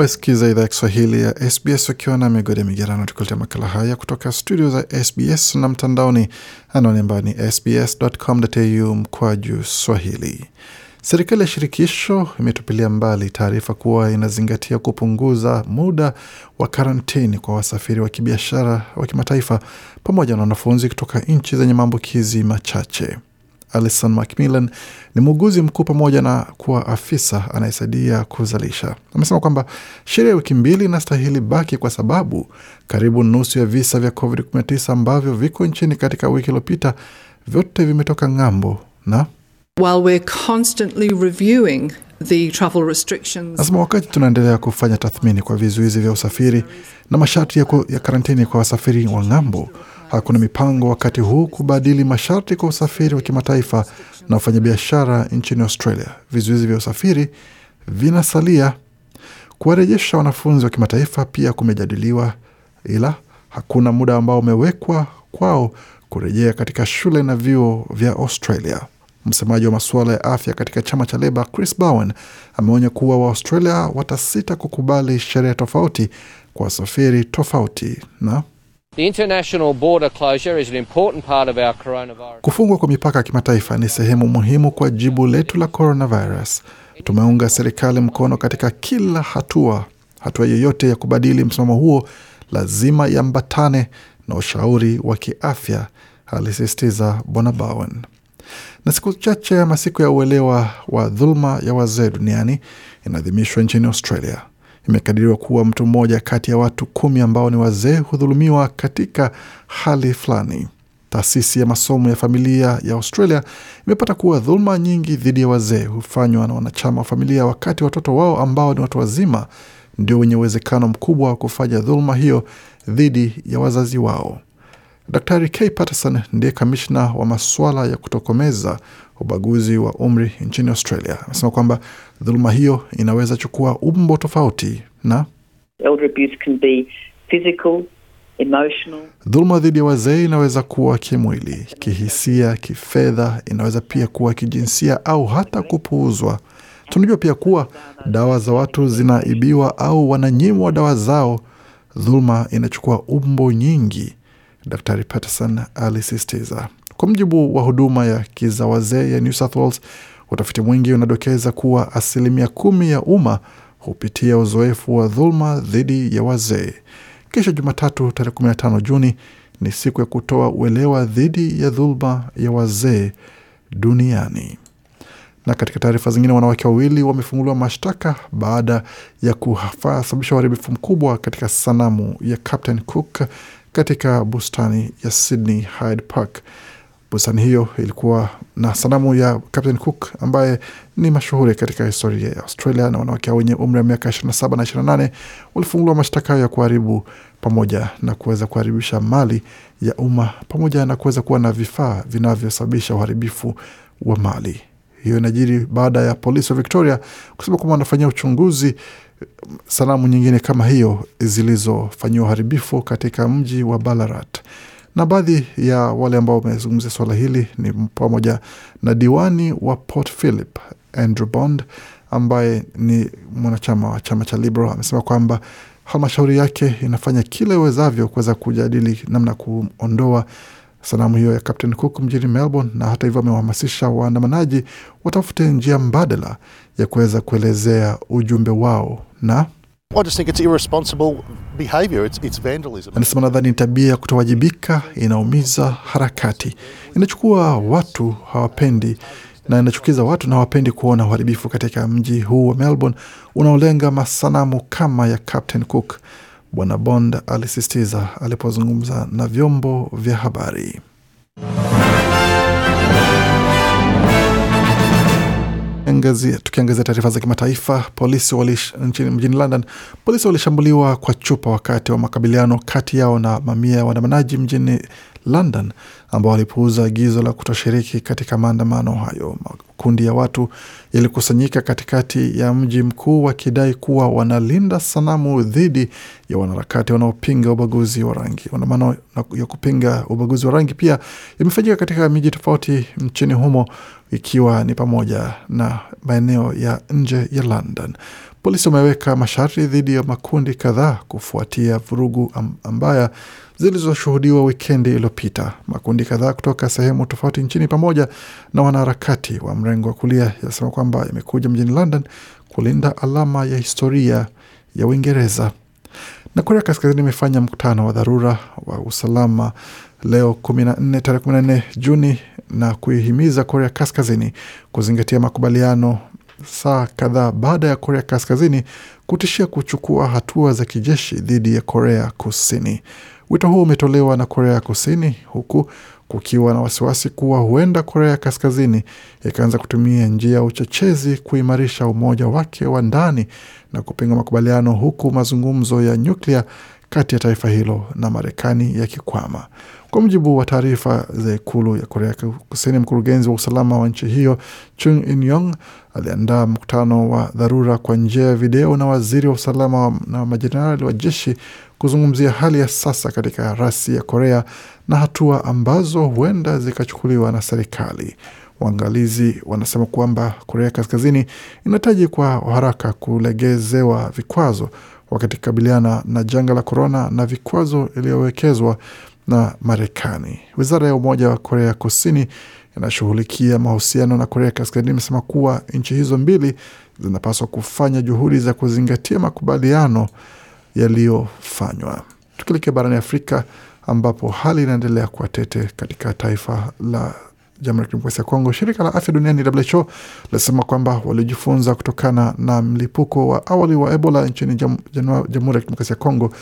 Wasikiza idhaa ya Kiswahili ya SBS wakiwa na ya migerano, tukuletea makala haya kutoka studio za SBS na mtandaoni, anwani ambayo ni sbs.com.au mkwaju swahili. Serikali ya shirikisho imetupilia mbali taarifa kuwa inazingatia kupunguza muda wa karantini kwa wasafiri wa kibiashara wa kimataifa pamoja na wanafunzi kutoka nchi zenye maambukizi machache. Alison Macmillan ni muuguzi mkuu pamoja na kuwa afisa anayesaidia kuzalisha. Amesema kwamba sheria ya wiki mbili inastahili baki kwa sababu karibu nusu ya visa vya COVID-19 ambavyo viko nchini katika wiki iliyopita vyote vimetoka ng'ambo na While we're constantly reviewing the travel restrictions. Nasema wakati tunaendelea kufanya tathmini kwa vizuizi vya usafiri na masharti ya, ya karantini kwa wasafiri wa ng'ambo Hakuna mipango wakati huu kubadili masharti kwa usafiri wa kimataifa na wafanyabiashara nchini Australia. Vizuizi vya usafiri vinasalia. Kuwarejesha wanafunzi wa kimataifa pia kumejadiliwa, ila hakuna muda ambao umewekwa kwao kurejea katika shule na vyuo vya Australia. Msemaji wa masuala ya afya katika chama cha Leba, Chris Bowen, ameonya kuwa Waaustralia watasita kukubali sheria tofauti kwa wasafiri tofauti na Kufungwa kwa mipaka ya kimataifa ni sehemu muhimu kwa jibu letu la coronavirus. Tumeunga serikali mkono katika kila hatua. Hatua yoyote ya kubadili msimamo huo lazima iambatane na ushauri wa kiafya, alisisitiza Bwana Bowen. Na siku chache ya masiku ya uelewa wa dhuluma ya wazee duniani inaadhimishwa nchini Australia. Imekadiriwa kuwa mtu mmoja kati ya watu kumi ambao ni wazee hudhulumiwa katika hali fulani. Taasisi ya masomo ya familia ya Australia imepata kuwa dhuluma nyingi dhidi ya wazee hufanywa na wanachama wa familia, wakati watoto wao ambao ni watu wazima ndio wenye uwezekano mkubwa wa kufanya dhuluma hiyo dhidi ya wazazi wao. Daktari K Patterson ndiye kamishna wa masuala ya kutokomeza ubaguzi wa umri nchini Australia. Anasema kwamba dhuluma hiyo inaweza chukua umbo tofauti na dhuluma dhidi ya wazee inaweza kuwa kimwili, kihisia, kifedha, inaweza pia kuwa kijinsia au hata kupuuzwa. Tunajua pia kuwa dawa za watu zinaibiwa au wananyimwa dawa zao. Dhuluma inachukua umbo nyingi, Dr. Patterson alisisitiza. Kwa mjibu wa huduma ya kizawazee ya New South Wales, utafiti mwingi unadokeza kuwa asilimia kumi ya umma hupitia uzoefu wa dhuluma dhidi ya wazee. Kesho Jumatatu tarehe 15 Juni ni siku ya kutoa uelewa dhidi ya dhuluma ya wazee duniani. Na katika taarifa zingine, wanawake wawili wamefunguliwa mashtaka baada ya kusababisha uharibifu mkubwa katika sanamu ya Captain Cook katika bustani ya Sydney Hyde Park. Bustani hiyo ilikuwa na sanamu ya Captain Cook ambaye ni mashuhuri katika historia ya Australia, na wanawake hao wenye umri wa miaka 27 na 28 walifunguliwa mashtaka ya kuharibu pamoja na kuweza kuharibisha mali ya umma pamoja na kuweza kuwa na vifaa vinavyosababisha uharibifu wa mali. Hiyo inajiri baada ya polisi wa Victoria kusema kwamba wanafanyia uchunguzi sanamu nyingine kama hiyo zilizofanyiwa uharibifu katika mji wa Ballarat. Na baadhi ya wale ambao wamezungumzia swala hili ni pamoja na diwani wa Port Phillip Andrew Bond ambaye ni mwanachama wa chama cha Liberal amesema kwamba halmashauri yake inafanya kila iwezavyo kuweza kujadili namna kuondoa sanamu hiyo ya Captain Cook mjini Melbourne, na hata hivyo amewahamasisha waandamanaji watafute njia mbadala ya kuweza kuelezea ujumbe wao na I just think it's irresponsible behavior. It's, it's vandalism. Anasema nadhani ni tabia ya kutowajibika, inaumiza harakati, inachukua watu hawapendi na inachukiza watu na hawapendi kuona uharibifu katika mji huu wa Melbourne unaolenga masanamu kama ya Captain Cook. Bwana Bond alisisitiza alipozungumza na vyombo vya habari. Tukiangazia taarifa za kimataifa, polisi mjini London, polisi walishambuliwa kwa chupa wakati wa makabiliano kati yao na mamia ya waandamanaji mjini London ambao walipuuza agizo la kutoshiriki katika maandamano hayo. Makundi ya watu yalikusanyika katikati ya mji mkuu wakidai kuwa wanalinda sanamu dhidi ya wanaharakati wanaopinga ubaguzi wa rangi. Maandamano ya kupinga ubaguzi wa rangi pia imefanyika katika miji tofauti nchini humo ikiwa ni pamoja na maeneo ya nje ya London. Polisi wameweka masharti dhidi ya makundi kadhaa kufuatia vurugu ambaya zilizoshuhudiwa wikendi iliyopita. Makundi kadhaa kutoka sehemu tofauti nchini pamoja na wanaharakati wa mrengo wa kulia yanasema kwamba yamekuja mjini London kulinda alama ya historia ya Uingereza. Na Korea Kaskazini imefanya mkutano wa dharura wa usalama leo tarehe 14 Juni na kuihimiza Korea Kaskazini kuzingatia makubaliano saa kadhaa baada ya Korea Kaskazini kutishia kuchukua hatua za kijeshi dhidi ya Korea Kusini. Wito huu umetolewa na Korea Kusini huku kukiwa na wasiwasi kuwa huenda Korea Kaskazini ikaanza kutumia njia ya uchochezi kuimarisha umoja wake wa ndani na kupinga makubaliano, huku mazungumzo ya nyuklia kati ya taifa hilo na Marekani yakikwama. Kwa mujibu wa taarifa za ikulu ya Korea Kusini, mkurugenzi wa usalama wa nchi hiyo Chung In-yong aliandaa mkutano wa dharura kwa njia ya video na waziri wa usalama na majenerali wa jeshi kuzungumzia hali ya sasa katika rasi ya Korea na hatua ambazo huenda zikachukuliwa na serikali. Waangalizi wanasema kwamba Korea Kaskazini inahitaji kwa haraka kulegezewa vikwazo wakati kukabiliana na janga la korona na vikwazo iliyowekezwa na Marekani. Wizara ya Umoja wa Korea Kusini inashughulikia mahusiano na Korea Kaskazini imesema kuwa nchi hizo mbili zinapaswa kufanya juhudi za kuzingatia makubaliano yaliyofanywa. Tukielekea barani Afrika ambapo hali inaendelea kuwa tete katika taifa la Jamhuri ya Kidemokrasia ya Kongo. Shirika la Afya Duniani WHO linasema kwamba waliojifunza kutokana na mlipuko wa awali wa Ebola nchini Jamhuri ya Kidemokrasia ya Kongo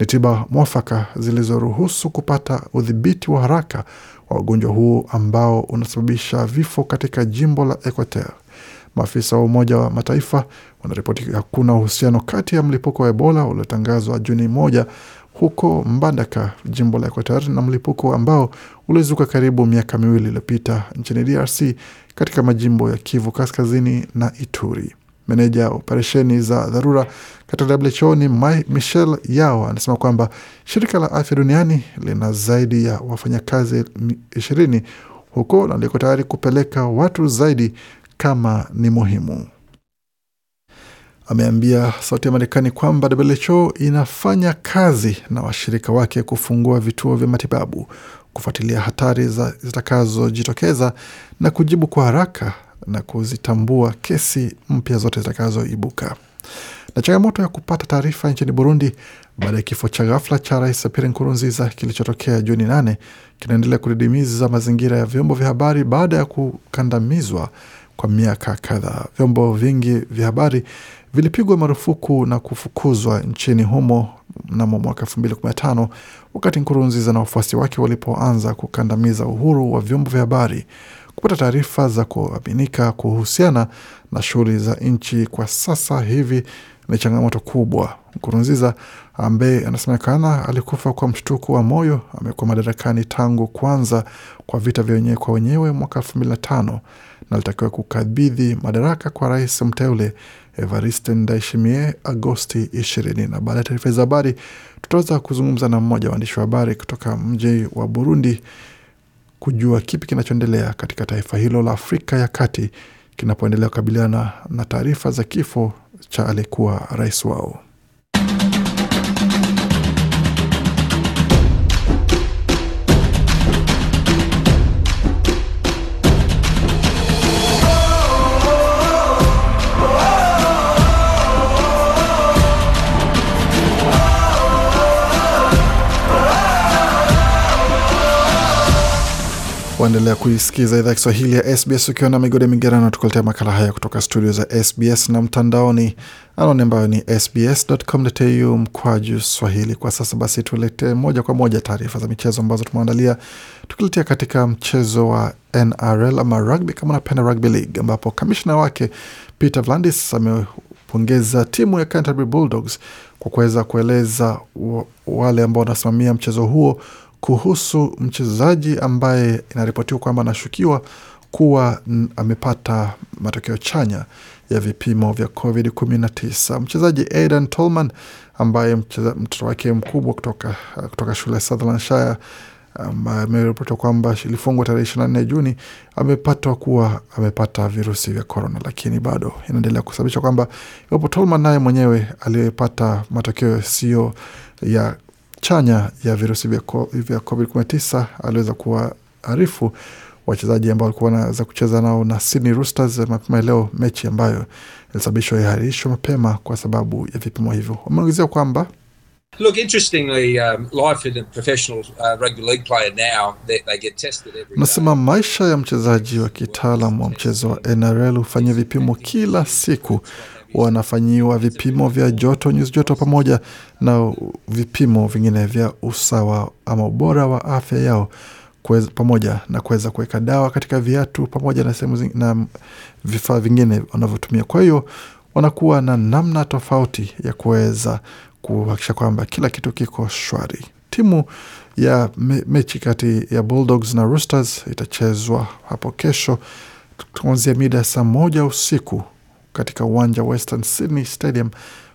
ni tiba mwafaka zilizoruhusu kupata udhibiti wa haraka wa ugonjwa huu ambao unasababisha vifo katika jimbo la Equateur. Maafisa wa Umoja wa Mataifa wanaripoti hakuna uhusiano kati ya mlipuko wa Ebola uliotangazwa Juni moja huko Mbandaka, jimbo la Equator, na mlipuko ambao ulizuka karibu miaka miwili iliyopita nchini DRC katika majimbo ya Kivu Kaskazini na Ituri. Meneja operesheni za dharura katika WHO ni Michel Yao anasema kwamba shirika la afya duniani lina zaidi ya wafanyakazi ishirini huko na liko tayari kupeleka watu zaidi kama ni muhimu. Ameambia Sauti ya Marekani kwamba WHO inafanya kazi na washirika wake kufungua vituo vya matibabu kufuatilia hatari zitakazojitokeza na kujibu kwa haraka na kuzitambua kesi mpya zote zitakazoibuka. Na changamoto ya kupata taarifa nchini Burundi baada ya kifo cha ghafla cha Rais Pierre Nkurunziza kilichotokea Juni nane kinaendelea kudidimiza mazingira ya vyombo vya habari baada ya kukandamizwa kwa miaka kadhaa. Vyombo vingi vya habari vilipigwa marufuku na kufukuzwa nchini humo mnamo mwaka tano wakati Nkurunziza na wafuasi wake walipoanza kukandamiza uhuru wa vyombo vya habari kupata taarifa za kuaminika kuhusiana na shughuli za nchi. Kwa sasa hivi ni changamoto kubwa. Nkurunziza ambaye anasemekana alikufa kwa mshtuko wa moyo amekuwa madarakani tangu kwanza kwa vita vya wenyewe kwa wenyewe mwaka tano na litakiwa kukabidhi madaraka kwa rais mteule Evariste Ndayishimiye Agosti 20. Na baada ya taarifa za habari, tutaweza kuzungumza na mmoja wa waandishi wa habari kutoka mji wa Burundi kujua kipi kinachoendelea katika taifa hilo la Afrika ya Kati kinapoendelea kukabiliana na taarifa za kifo cha aliyekuwa rais wao. Waendelea kuisikiza idhaa Kiswahili ya SBS ukiwa na migode migerano, tukuletea makala haya kutoka studio za SBS na mtandaoni, anaoni ambayo ni sbs.com.au mkwaju swahili. Kwa sasa basi, tuletee moja kwa moja taarifa za michezo ambazo tumeandalia, tukiletea katika mchezo wa NRL ama rugby kama unapenda rugby league, ambapo kamishna wake Peter Vlandis amepongeza timu ya Canterbury Bulldogs kwa kuweza kueleza wale ambao wanasimamia mchezo huo kuhusu mchezaji ambaye inaripotiwa kwamba anashukiwa kuwa amepata matokeo chanya ya vipimo vya COVID-19. Mchezaji Aidan Tolman ambaye mtoto wake mkubwa kutoka, kutoka shule ya Sutherlandshire ameripotiwa kwamba ilifungwa tarehe nne Juni, amepatwa kuwa amepata virusi vya korona, lakini bado inaendelea kusababisha kwamba iwapo Tolman naye mwenyewe aliyepata matokeo sio ya chanya ya virusi vya COVID-19. Aliweza kuwaarifu wachezaji ambao walikuwa wanaweza kucheza nao na Sydney Roosters mapema leo, mechi ambayo ilisababishwa ihairishwe mapema kwa sababu ya vipimo hivyo. Wameongezea kwamba Look, interestingly, um, life in a professional uh, rugby league player now they, they get tested every day. Nasema maisha ya mchezaji wa kitaalam wa mchezo wa NRL hufanya vipimo kila siku, wanafanyiwa vipimo vya joto, nyuzi joto, pamoja na vipimo vingine vya usawa ama ubora wa afya yao kweza, pamoja na kuweza kuweka dawa katika viatu pamoja na sehemu na vifaa vingine wanavyotumia. Kwa hiyo wanakuwa na namna tofauti ya kuweza kuhakikisha kwamba kila kitu kiko shwari. Timu ya me, mechi kati ya Bulldogs na Roosters itachezwa hapo kesho kuanzia mida ya saa moja usiku katika uwanja wa Western Sydney Stadium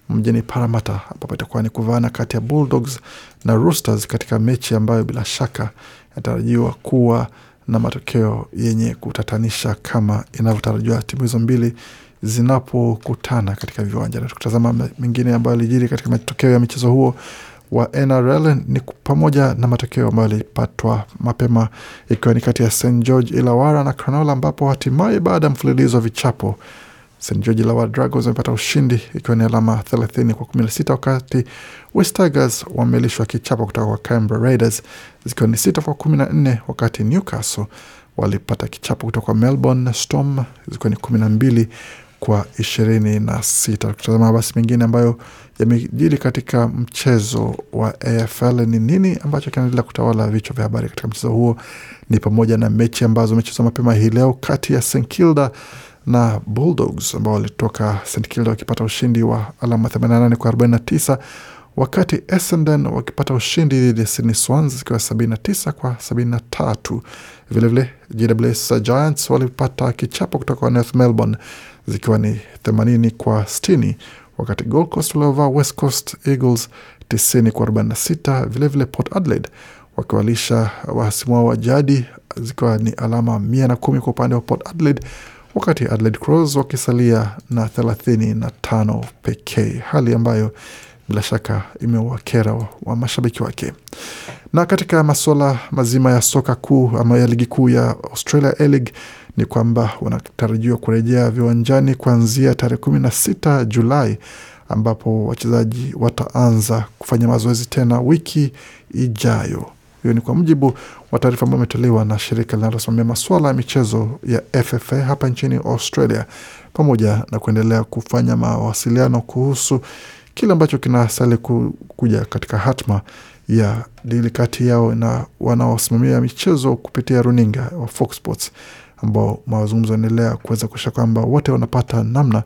mjini Parramatta, ambapo itakuwa ni kuvaana kati ya Bulldogs na Roosters katika mechi ambayo bila shaka inatarajiwa kuwa na matokeo yenye kutatanisha kama inavyotarajiwa timu hizo mbili zinapokutana katika viwanja. Na tukitazama mengine ambayo yalijiri katika matokeo ya michezo huo wa NRL ni pamoja na matokeo ambayo yalipatwa mapema, ikiwa ni kati ya St George Illawarra na Cronulla, ambapo hatimaye baada ya mfululizo wa vichapo St George Illawarra Dragons wamepata ushindi ikiwa ni alama 30 kwa 16, wakati West Tigers wamelishwa kichapo kutoka kwa Canberra Raiders zikiwa ni 6 kwa 14, wakati Newcastle walipata kichapo kutoka kwa Melbourne Storm zikiwa ni 12 kwa ishirini na sita. Tukitazama mabasi mengine ambayo yamejiri katika mchezo wa AFL ni nini ambacho kinaendelea kutawala vichwa vya habari katika mchezo huo, ni pamoja na mechi ambazo zimechezwa mapema hii leo kati ya St Kilda na Bulldogs ambao walitoka St Kilda wakipata ushindi wa alama 88 kwa 49 wakati Essendon wakipata ushindi dhidi ya Sydney Swans zikiwa 79 kwa 73. Vilevile GWS Giants walipata kichapo kutoka kwa North Melbourne zikiwa ni 80 kwa 60, wakati Gold Coast waliovaa West Coast Eagles 90 kwa 46, vilevile Port Adelaide wakiwalisha wahasimu wao wa jadi zikiwa ni alama 110 kwa upande wa Port Adelaide, wakati Adelaide Crows wakisalia na 35 pekee, hali ambayo bila shaka imewakera wa, wa mashabiki wake. Na katika masuala mazima ya soka kuu ama ya ligi kuu ya Australia A-League ni kwamba wanatarajiwa kurejea viwanjani kuanzia tarehe kumi na sita Julai ambapo wachezaji wataanza kufanya mazoezi tena wiki ijayo. Hiyo ni kwa mujibu wa taarifa ambayo imetolewa na shirika linalosimamia masuala ya michezo ya FFA hapa nchini Australia, pamoja na kuendelea kufanya mawasiliano kuhusu kile ambacho kinasali kuja katika hatma ya dili kati yao na wanaosimamia michezo kupitia runinga wa Fox Sports ambao mazungumzo yanaendelea kuweza kuisha kwamba wote wanapata namna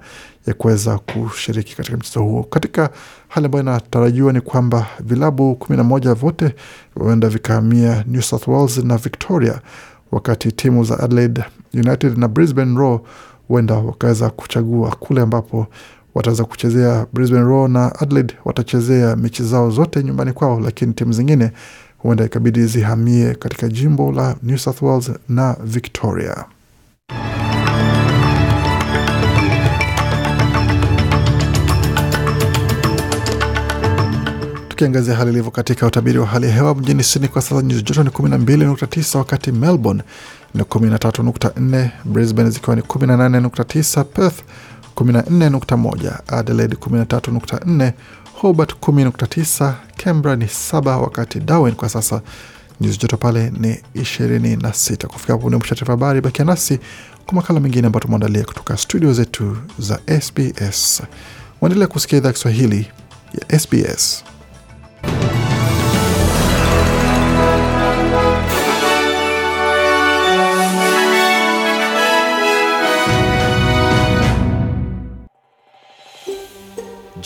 ya kuweza kushiriki katika mchezo huo. Katika hali ambayo inatarajiwa ni kwamba vilabu kumi na moja vyote huenda vikahamia New South Wales na Victoria, wakati timu za Adelaide United na Brisbane Roar huenda wakaweza kuchagua kule ambapo wataweza kuchezea. Brisbane Roar na Adelaide watachezea mechi zao zote nyumbani kwao, lakini timu zingine huenda ikabidi zihamie katika jimbo la New South Wales na Victoria. Tukiangazia hali ilivyo katika utabiri wa hali ya hewa mjini Sydney kwa sasa nyuzi joto ni 12.9, wakati Melbourne ni 13.4, Brisbane zikiwa ni 18.9, Perth 14.1, Adelaide 13.4 Hobart 10.9, Canberra ni saba wakati Darwin kwa sasa nyuzi joto pale ni 26. Kufika hapo unaepusha taarifa habari, bakia nasi kwa makala mengine ambayo tumeandalia kutoka studio zetu za SBS. Waendelea kusikia idhaa Kiswahili ya SBS.